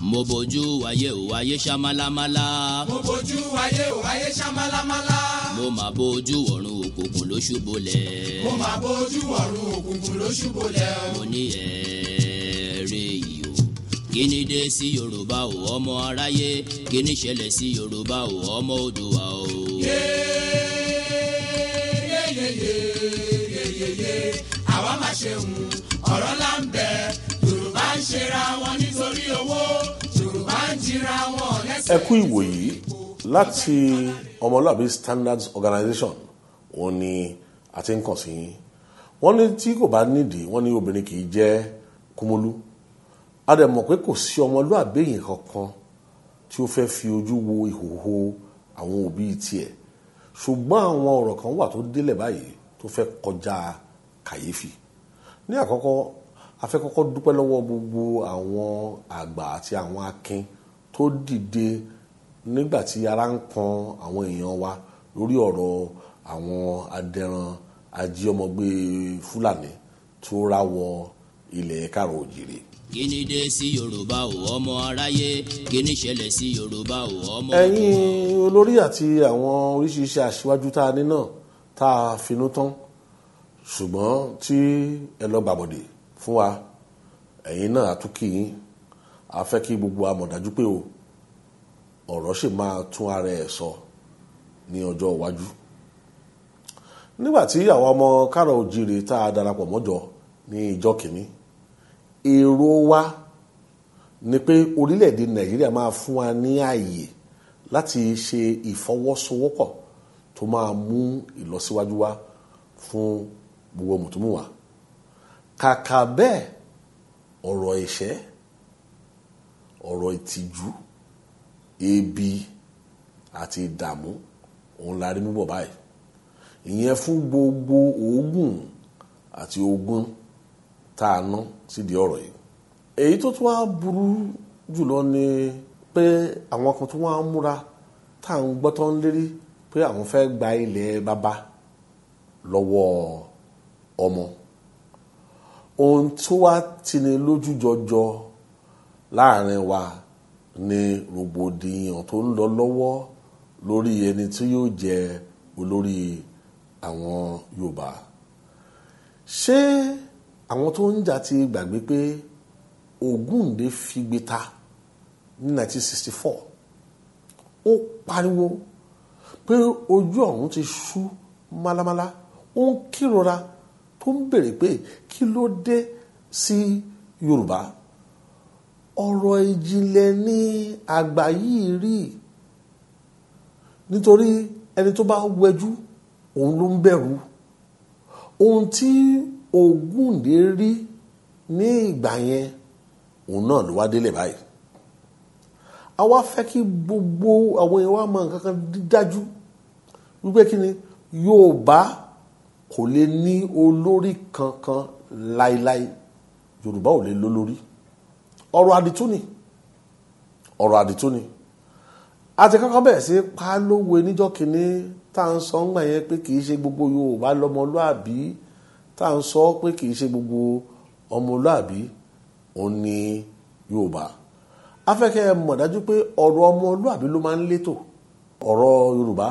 mo bójú ayé o ayé ṣamálámálá. mo bójú ayé o ayé ṣamálámálá. mo mà bójú ọ̀run òkùnkùn ló ṣubúlẹ̀. mo mà bójú ọ̀run òkùnkùn ló ṣubúlẹ̀. mo ní ẹ̀ẹ́rẹ́ yìí kí ni dé sí yorùbá o ọmọ aráyé kí ni ṣẹlẹ̀ sí yorùbá o ọmọ oòdùà o. yeyeyeyeyeye àwa máa ṣe hùn ọ̀rọ̀ là yorùbá ń ṣera wọn nítorí owó ẹ kú ìwòyí láti ọmọlúàbí standards organization wọ́n ní a ti ń kàn sí yín wọ́n ní tí kò bá nídìí wọ́n ní obìnrin kì í jẹ́ kúmọlú a dẹ̀ mọ̀ pé kò sí ọmọlúàbí èèyàn kankan tí ó fẹ́ fi ojú wo ìhòòhò àwọn òbí tiẹ̀ ṣùgbọ́n àwọn ọ̀rọ̀ kan wà tó délẹ̀ báyìí tó fẹ́ kọjá kàyéfì ní àkọ́kọ́ a dúpẹ́ lọ́wọ́ gbogbo àwọn àgbà àti àwọn akin tó dìde nígbà tí ara ń kan àwọn èèyàn wa lórí ọ̀rọ̀ àwọn adẹran ajíọmọgbé fúlàní tó ráwọ ilẹ̀ kárọ̀ òjìrè kíni dé sí yorùbá ò ọmọ aráyé kíni ṣẹlẹ̀ sí yorùbá ò ọmọ. ẹ̀yin olórí àti àwọn oríṣiríṣi aṣíwájú tá a ní náà tá a finú tán ṣùgbọ́n tí ẹ lọ gbàbọ̀dè fún wa ẹ̀yin náà a tún a fẹ́ kí gbogbo amọ̀dájú pé o ọ̀rọ̀ ṣì máa tún ara ẹ̀ sọ ní ọjọ́ iwájú nígbà àwọn ọmọ kárọ̀ òjìrè tá a darapọ̀ mọ́jọ ní ìjọ kìíní èrò wa ni pé orílẹ̀-èdè nàìjíríà máa fún wa ní ààyè láti ṣe ìfọwọ́sowọ́pọ̀ tó máa mú ìlọsíwájú wa fún gbogbo mùtúmùwà kàkà bẹ́ẹ̀ ọ̀rọ̀ ìṣẹ́ ọ̀rọ̀ ìtìjú ebi àti ìdààmú òun la rí múbọ̀ báyìí ìyẹn fún gbogbo oògùn àti ogun tá a ná sídìí ọ̀rọ̀ yìí èyí tó tún wá burú jùlọ ni pé àwọn kan tó wá ń múra tá à ń gbọ́ tó lérí pé àwọn fẹ́ gba ilẹ̀ bàbá lọ́wọ́ ọmọ ohun tó wá tini lójú jọjọ láàrin wa ní rògbòdìyàn tó ń lọ lọ́wọ́ lórí ẹni tí yóò jẹ olórí àwọn Yorùbá ṣé àwọn tó ń jà ti gbàgbé pé Ògúndé figbe ta ní 1964 ó pariwo pé ojú ọ̀run ti ṣú málámálá ó ń kírora tó ń béèrè pé kí ló dé sí Yorùbá ọ̀rọ̀ ìjìnlẹ̀ ní àgbà yìí rí nítorí ẹni tó bá wẹjú òun ló ń bẹ̀rù ohun tí Ògúndé rí ní ìgbà yẹn òun náà ló wá délẹ̀ báyìí àwa fẹ́ kí gbogbo àwọn èèyàn wa mọ nǹkan dájú wípé kí ni Yorùbá kò lè ní olórí kankan láéláé Yorùbá ò lè lólórí ọ̀rọ̀ àdìtú ni ọ̀rọ̀ àdìtú ni àti kankan bẹ̀rẹ̀ sí pálówe níjọ́ kínní tá à ń sọ ńgbà yẹn pé kì í ṣe gbogbo Yorùbá lọ́mọlúàbí tá à ń sọ pé kì í ṣe gbogbo ọmọlúàbí òun ni Yorùbá afẹ́kẹ́ mọ̀ dájú pé ọ̀rọ̀ ọmọlúàbí ló máa ń létò ọ̀rọ̀ Yorùbá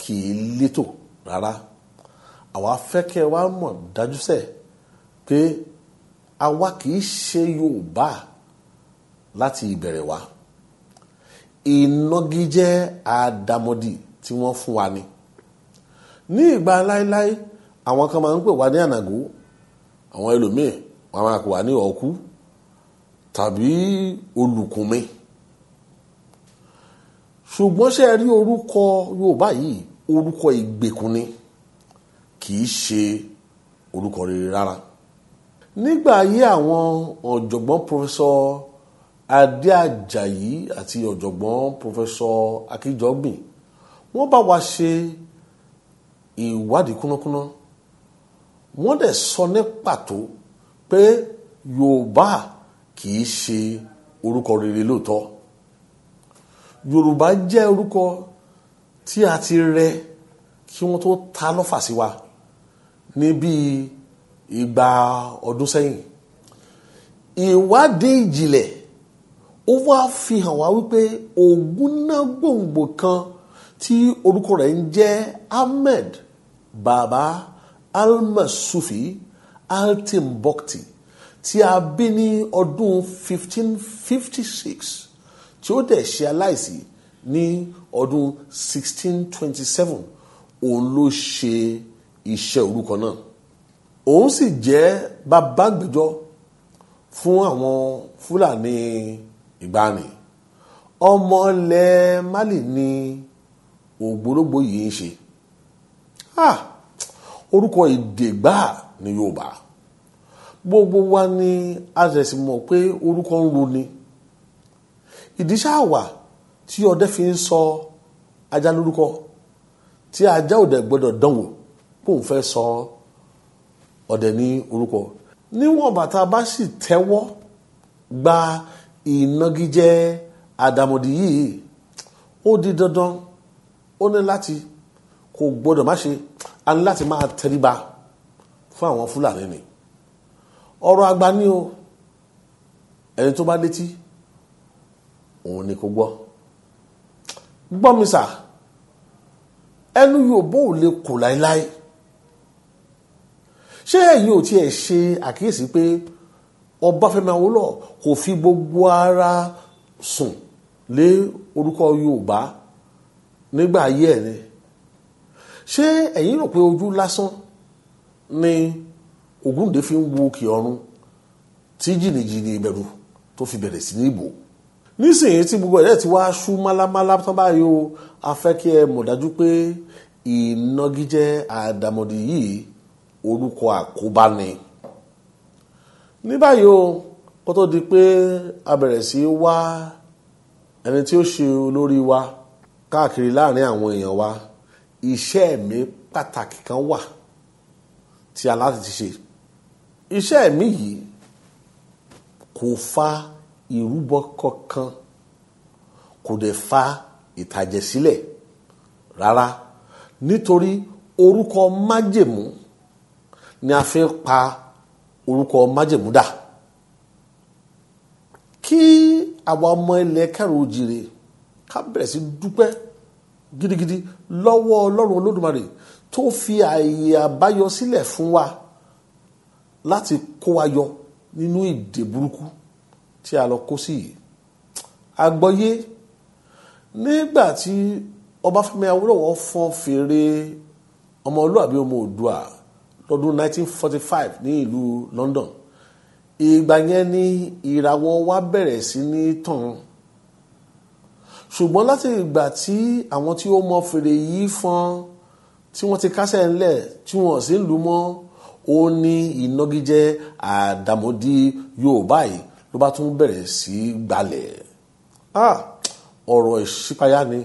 kì létò rárá àwa afẹ́kẹ́ wa mọ̀ dájú sẹ́ẹ̀ pé àwa kì ṣe Yorùbá láti ìbẹ̀rẹ̀ wá ìnagijẹ àdàmọ̀dì tí wọ́n fún wa ni ní ìgbà láéláé àwọn kan máa ń pè wá ní ànàgó àwọn ẹlòmíì wọn máa pè wá ní ọ̀kú tàbí olùkùnmi ṣùgbọ́n ṣe rí orúkọ Yorùbá yìí orúkọ ìgbèkùn ni kì í ṣe orúkọ rere rárá nígbà ayé àwọn ọ̀jọ̀gbọ́n pọfẹsọ adé àjàyí àti ọ̀jọ̀gbọ́n pòfẹ́sọ akíjọ́gbìn wọ́n bá wa ṣe ìwádìí kúnnákúnná wọ́n dẹ̀ sọ ní pàtó pé yorùbá kì í ṣe orúkọ rere lóòótọ́ yorùbá jẹ́ orúkọ tí a ti rẹ kí wọ́n tó ta lọ́fà sí wa ní bíi igba ọdún sẹ́yìn ìwádìí ìjìnlẹ̀ ó wá fi hàn wá wípé ògùn gbòǹgbò kan tí orúkọ rẹ̀ ń jẹ́ Ahmed Baba Almasufi Altimbukti tí a bí ní ọdún 1556 tí ó dẹ̀ ṣe aláìsí ní ọdún 1627 òun ló ṣe iṣẹ́ orúkọ náà òun sì jẹ́ bàbá fún àwọn Fúlàní ìgbàanì ọmọ ilẹ̀ Mali ni ògbólógbò yìí ń ṣe orúkọ èdè gbáà ní Yorùbá gbogbo wa ni a ṣẹ̀sì mọ̀ pé orúkọ ń roni ìdíṣà wà tí ọdẹ fi ń sọ ajá lórúkọ tí ajá òdẹ gbọ́dọ̀ dánwò kó n fẹ́ sọ ọdẹ ní orúkọ níwọ̀n bàtà bá sì tẹ́wọ́ gba ìnagijẹ àdàmọ̀dì yìí ó di dandan ó ní láti kò gbọdọ̀ má ṣe a ní láti máa tẹríba fún àwọn fúlàní ni ọ̀rọ̀ àgbà ni o ẹni tó bá létí òun ni kò gbọ́ gbọ́ mi sà ẹnu yóò bó ò lè kù láéláé ṣé ẹ̀yin ò tiẹ̀ ṣe àkíyèsí pé Ọbáfẹ́mi Awólọ́wọ̀ kò fi gbogbo ara sùn lé orúkọ Yorùbá nígbà ayé ẹ̀ ni ṣé ẹ̀yin rò pé ojú lásán ni Ògúndé fi ń wo òkè ọ̀run tí jìnnìjìnnì ìbẹ̀rù tó fi bẹ̀rẹ̀ sí ní ìbò nísìnyí tí gbogbo ẹ̀rẹ́ ti wá ṣú málámálá tán báyìí o a fẹ́ kí ẹ mọ̀ dájú pé ìnagijẹ àdàmọ̀dì yìí orúkọ àkóbá ni ní báyìí o kó tó di pé a bẹ̀rẹ̀ sí í wá ẹni tí ó ṣe olórí wa káàkiri láàrin àwọn èèyàn wa iṣẹ́ mi pàtàkì kan wà tí a láti ti ṣe iṣẹ́ mi yìí kò fa ìrúbọ kankan kò dẹ̀ fa ìtàjẹ̀sílẹ̀ rárá nítorí orúkọ májèmú ni a fi pa orúkọ májèmúdà kí àwa ọmọ ilẹ̀ kẹrù jìrè ká bẹ̀rẹ̀ sí dúpẹ́ gidigidi lọ́wọ́ ọlọ́run olódùmarè tó fi ààyè àbáyọ sílẹ̀ fún wa láti kó wa yọ nínú ìdè burúkú tí a lọ kó sí yìí àgbọ́yé nígbà tí Ọbáfẹ́mi Awólọ́wọ̀ fọn fèrè ọmọlúàbí ọmọ Oòduà lọ́dún 1945 ní ìlú London ìgbà yẹn ni ìràwọ̀ wa bẹ̀rẹ̀ sí ní tàn ṣùgbọ́n láti ìgbà tí àwọn tí ó mọ fèrè yìí fọn tí wọ́n ti kásẹ̀ ńlẹ̀ tí wọ́n sì ń lù mọ́ ó ní ìnagijẹ àdàmọ̀dì Yorùbá yìí ló bá tún bẹ̀rẹ̀ sí gbalẹ̀ ah! ọ̀rọ̀ ìṣípayá ni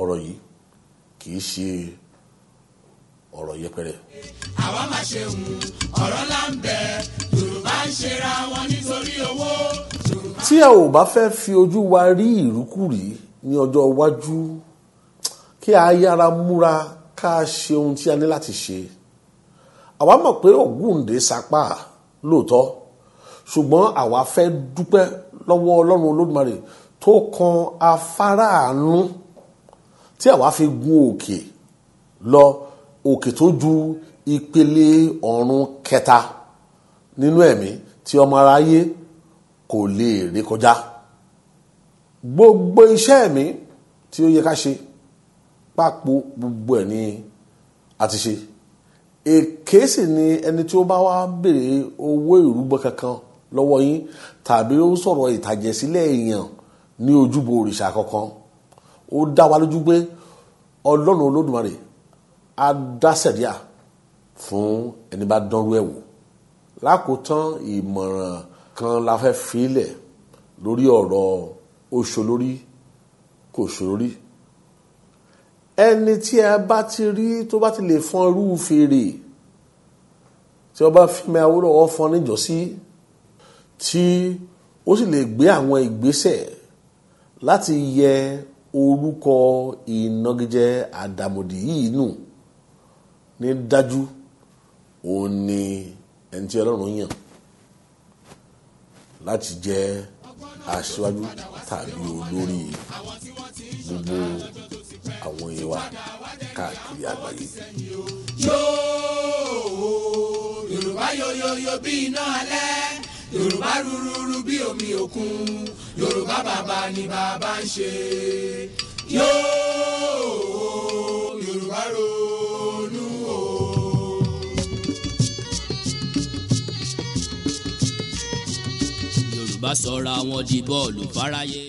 ọ̀rọ̀ yìí kì í ṣe ọ̀rọ̀ yẹpẹrẹ. àwa máa ṣe ń ọ̀rọ̀ láǹbẹ̀ yorùbá ń ṣera wọn nítorí owó. tí a ò bá fẹ́ fi ojú wa rí ìrúkúrí ní ọjọ́ iwájú kí a yára múra ká ṣe ohun tí a ní láti ṣe àwa mọ̀ pé ògúndé sapá lóòótọ́ ṣùgbọ́n àwa fẹ́ dúpẹ́ lọ́wọ́ ọlọ́run olódùmarè tó kan afárá àánú tí àwa fi gun òkè lọ òkè tó ju ìpele ọ̀run kẹta nínú ẹ̀mí tí ọmọ aráyé kò lè rí kọjá gbogbo iṣẹ́ ẹ̀mí tí ó yẹ ká ṣe pápọ̀ gbogbo ẹ̀ ni a ti ṣe èké sì ni ẹni tí ó bá wá béèrè owó ìrúbọ kankan lọ́wọ́ yín tàbí ó sọ̀rọ̀ ìtàjẹ̀sílẹ̀ èèyàn ní ojúbọ òrìṣà kankan ó dá wa lójú pé ọlọ́run olódùmarè adásẹ̀díà fún ẹni bá dánrú ẹ̀ wò lákòótán ìmọ̀ràn kan la fẹ́ filẹ̀ lórí ọ̀rọ̀ oṣolórí kò ṣolórí ẹni tí ẹ bá ti rí tó bá ti lè fọn irú fèrè tí ọba Fẹ́mi Awólọ́wọ̀ fọn níjọ́sí tí ó sì lè gbé àwọn ìgbésẹ̀ láti yẹ orúkọ ìnagijẹ àdàmọ̀dì yìí nù. No ní dájú òun ni ẹni tí ọlọ́run yàn láti jẹ́ aṣíwájú tàbí olórí gbogbo àwọn èèyàn wa káàkiri àgbáyé. Yorùbá yoyoyo bí iná alẹ́ Yorùbá rúrúrú bí omi òkun Yorùbá bàbá ni bàbá ń ṣe yóò Yorùbá ro. bá sọra wọn di bọ́ọ̀lù fáráyé.